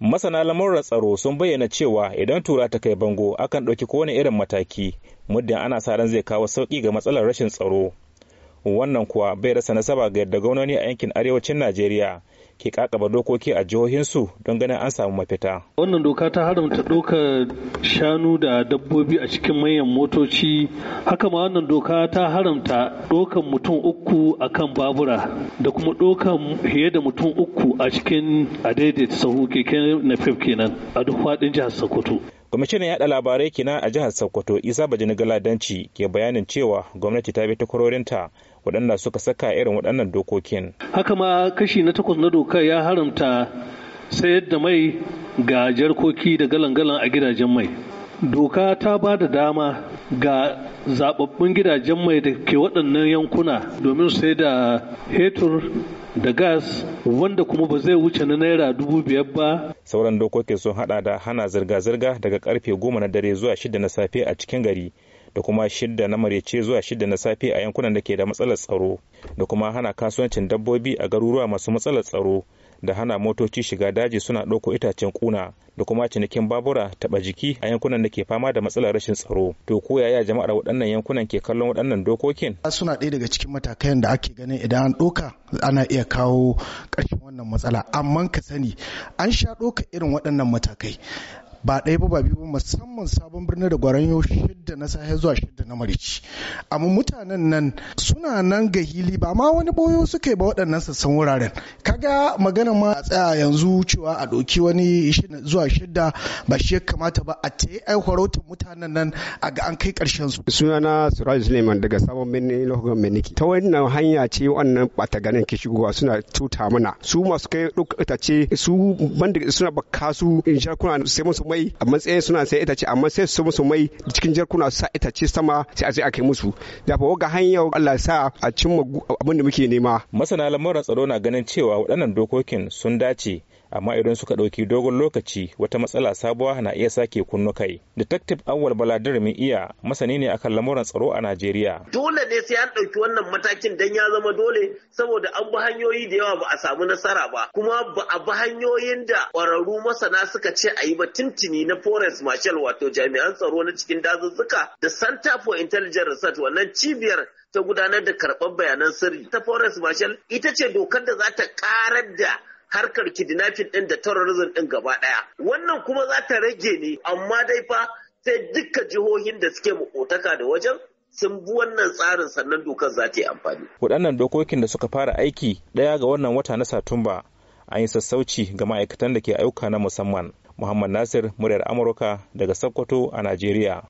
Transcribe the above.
masana lamurra tsaro sun bayyana cewa idan tura ta kai bango akan ɗauki kowane irin mataki muddin ana sa ran zai kawo sauƙi ga matsalar rashin tsaro wannan kuwa bai rasa nasaba ga yadda gwamnoni a yankin arewacin najeriya ke kakaba dokoki a jihohinsu don ganin an samu mafita. Wannan doka ta haramta ɗaukar shanu da dabbobi a cikin manyan motoci, haka ma wannan doka ta haramta ɗaukar mutum uku a kan babura da kuma ɗaukar fiye da mutum uku a cikin adaidaita sahu keke na kenan a duk faɗin jihar Sokoto. kwamishinan yaɗa labarai kina a jihar sokoto isa bajini galadanci ke bayanin cewa gwamnati ta bi ta takwarorinta waɗanda suka saka irin waɗannan dokokin haka ma kashi na takwas na doka ya haramta sayar da mai ga jarkoki da galan-galan a gidajen mai doka ta ba da dama ga zababbun gidajen mai da ke waɗannan yankuna domin sai da hetur da gas wanda kuma ba zai wuce na naira dubu biyar ba. Sauran dokoki sun hada da hana zirga-zirga daga karfe goma na dare zuwa shida na safe a cikin gari da kuma shida na marece zuwa shida na safe a yankunan da ke da matsalar tsaro da kuma hana kasuwancin dabbobi a garuruwa masu matsalar tsaro da hana motoci shiga daji suna ɗauko itacen kuna da kuma cinikin babura taɓa jiki a yankunan da ke fama da matsalar rashin tsaro to ko yaya jama'ar waɗannan yankunan ke kallon waɗannan dokokin suna ɗaya daga cikin matakan da ake ganin idan an ɗauka ana iya kawo ƙarshen wannan matsala amma ka sani an sha ɗauka irin waɗannan matakai ba ɗaya ba ba biyu musamman sabon birni da gwaranyo shidda na sahe zuwa shidda na marici amma mutanen nan suna nan ga hili ba ma wani boyo suka yi ba waɗannan sassan wuraren kaga magana ma a tsaya yanzu cewa a ɗauki wani zuwa shidda ba shi ya kamata ba a ta yi aiwarautar mutanen nan a ga an kai ƙarshen su sunana suraj suleiman daga sabon birni lokacin meniki ta wannan hanya ce wannan ɓata ganin ke shigowa suna tuta mana su masu kai ɗaukata ce su banda suna bakasu in kuna sai musu mai a matsayin suna sai itace amma sai su musu mai cikin jarkuna su sa itace sama sai a sai a kai musu da fa ga hanyar Allah sa a cimma abin da muke nema masana lamuran tsaro na ganin cewa waɗannan dokokin sun dace amma idan suka ɗauki dogon lokaci wata matsala sabuwa na iya sake kunnu kai. Detective Awal Baladir mai iya masani ne akan lamuran tsaro a Najeriya. Dole ne sai an ɗauki wannan matakin dan ya zama dole saboda an bi hanyoyi da yawa ba a samu nasara ba kuma ba a bi hanyoyin da ƙwararru masana suka ce a yi ba tintini na Forest Marshal wato jami'an tsaro na cikin dazuzzuka da Center for Intelligence Research wannan cibiyar ta gudanar da karɓar bayanan sirri ta Forest Marshal ita ce dokar da za ta ƙarar da harkar kidnapping ɗin da terrorism ɗin gaba ɗaya. Wannan kuma za ta rage ne, amma dai fa sai dukkan jihohin da suke makotaka da wajen sun bi wannan tsarin sannan dokar za ta yi amfani. Waɗannan dokokin da suka fara aiki ɗaya ga wannan wata na Satumba an yi sassauci ga ma'aikatan da ke ayyuka na musamman. Muhammad Nasir, muryar Amurka daga Sokoto a Najeriya.